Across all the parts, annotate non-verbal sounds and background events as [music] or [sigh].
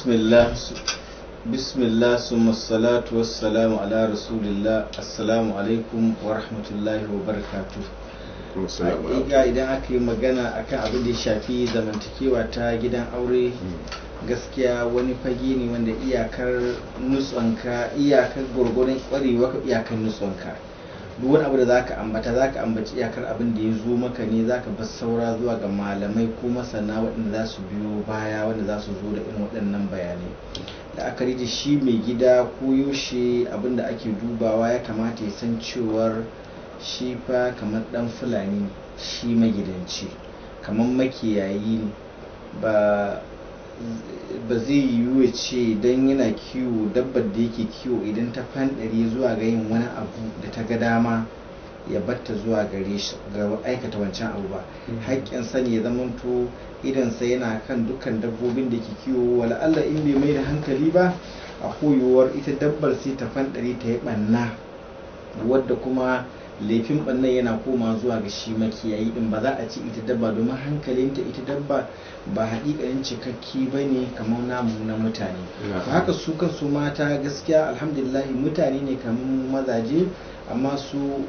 bismillah bismillah summa salatu wassalamu ala rasulillah assalamu alaikum wa rahmatullahi wa barakatu iga idan aka yi magana akan abin da ya shafi zamantakewa ta gidan aure hmm. gaskiya wani fage ne wanda iyakar nutsonka iyakar gwargwadon kwarewa iyakar nutsonka duk wani abu da zaka ambata zaka ambaci iyakar abin da ya zo maka ne zaka bar saura zuwa ga malamai ko masana waɗanda za su biyo baya wanda za su zo da irin waɗannan bayanai aka da shi mai gida ko yaushe abin da ake dubawa ya kamata ya san cewar shi fa kamar ɗan fulani shi magidanci kamar makiyayi ba ba zai yiwu ya ce don yana kiwo dabbar da yake kiwo idan ta fanɗari zuwa ga yin wani abu da ta ga dama ya batta zuwa gare shi ga aikata wancan abu ba hmm. haƙƙin sani ya zamanto idan sai yana kan dukkan dabbobin da ke kiwo wala Allah in bai mai da hankali ba a koyuwar ita dabbar sai ta fanɗari ta yi ɓanna wadda kuma laifin ɓannan yana koma zuwa ga shi makiyayi din ba za a ci ita dabba domin hankalinta ita dabba ba haƙiƙanin cikakki ba ne kamar namu na mutane ba haka su kansu mata gaskiya alhamdulillahi mutane ne kamar mazaje amma su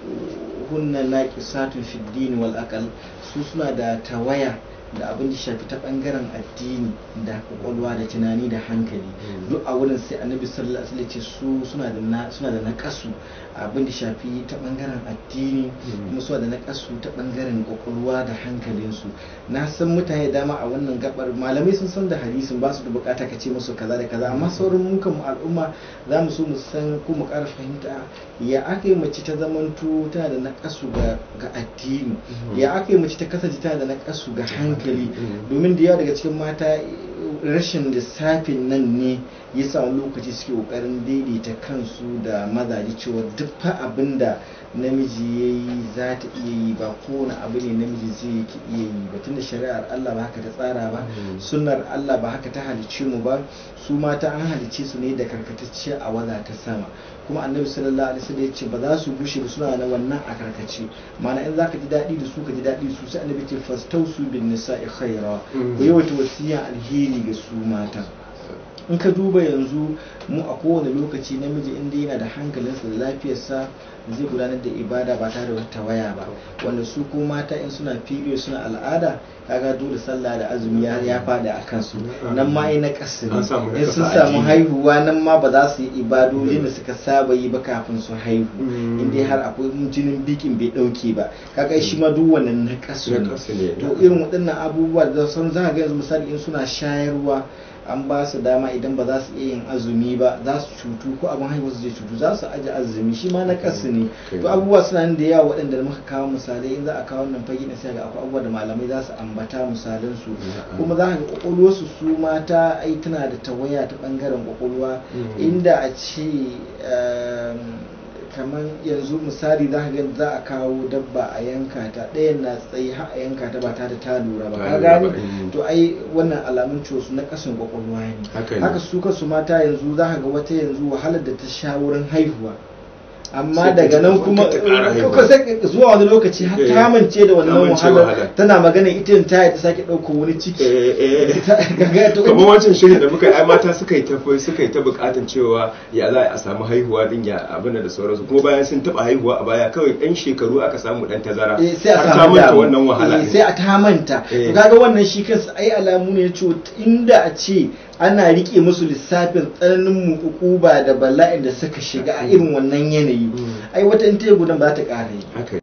hunna na ƙisatun fiddini wal akal su suna da tawaya da abin da shafi ta bangaren addini da kwakwalwa da tunani da hankali duk a wurin sai annabi sallallahu alaihi wasallam su suna da na suna da nakasu abin da shafi ta bangaren addini kuma suna da nakasu ta bangaren kwakwalwa da hankalin su na san mutane dama a wannan gabar malamai sun san da hadisin ba su da bukata ka ce musu kaza da kaza amma sauran mukan mu al'umma za mu so mu san ko mu ƙara fahimta ya aka yi mace ta zamanto tana da nakasu ga addini ya aka yi mace ta kasance tana da nakasu ga hankali hankali mm. domin da yawa daga cikin mata rashin lissafin nan ne ya samu lokaci suke kokarin daidaita kansu da mazaje cewa duk abin da namiji ya yi za ta iya yi ba kowane abu ne namiji zai yake iya yi ba tunda shari'ar Allah ba haka ta tsara ba mm. sunnar Allah ba haka ta halicce mu ba su mata an halicce su ne da karkatacce a waza ta sama kuma annabi sallallahu alaihi wasallam ya ce ba za su bushe ba suna na wannan a karkace ma'ana in ka ji daɗi da su ka ji daɗi su sai annabi ce fastausu bin nisa nisa'i khaira ku wata wasiya alheri ga su matan in ka duba yanzu mu a kowane lokaci namiji inda yana da hankalinsa da lafiyarsa zai gudanar da ibada ba tare da tawaya ba wanda su ko mata in suna period suna al'ada kaga dole sallah da azumi ya fada a kansu nan ma na kasiri in sun samu haihuwa nan ma ba za su yi ne da mm. suka saba yi ba kafin su haihu mm. in dai har akwai jinin bikin bai dauke ba kaga shi ma duk wannan na kasiri to irin waɗannan abubuwa da san za ga yanzu misali in suna shayarwa an ba su dama idan ba za su iya yin azumi ba za su cutu ko abin haihuwa su je cutu za su aji azumi shi ma na kasu ne to abubuwa suna da yawa waɗanda da muka kawo misalai in za a kawo nan fage na sai ga abubuwa da malamai za su ambata misalan su mm-hmm. kuma za a ga kwakwalwa su su mata ai tana da tawaya ta bangaren kwakwalwa mm-hmm. inda a ce ehm, kamar yanzu misali za ga za a kawo dabba a yanka ta ɗayan na tsaye a yanka ta ba ta da ta lura ba ka gani eh. to ai wannan alamun cosu na kasan kwakwalwa ne haka su kasu mata yanzu za ga wata yanzu wahalar da ta sha wurin haihuwa amma daga nan kuma zuwa wani lokaci har eh. ta mance da wannan wahalar tana magana ita ta ta sake ɗauko wani ciki eh, eh, [laughs] kamar wancan shirin da muka ai mata suka yi tafi suka yi ta bukatan cewa ya za a samu haihuwa din ya abin da sauransu kuma bayan sun taba haihuwa a baya kawai ɗan shekaru aka samu ɗan tazara har ta manta wannan wahala sai a ta manta kaga wannan shi kansa ai alamu ne ce inda a ce ana riƙe musu lissafin tsananin ba da bala'in da suka shiga a irin wannan yanayi mm. ai wata in ba ta ƙara yi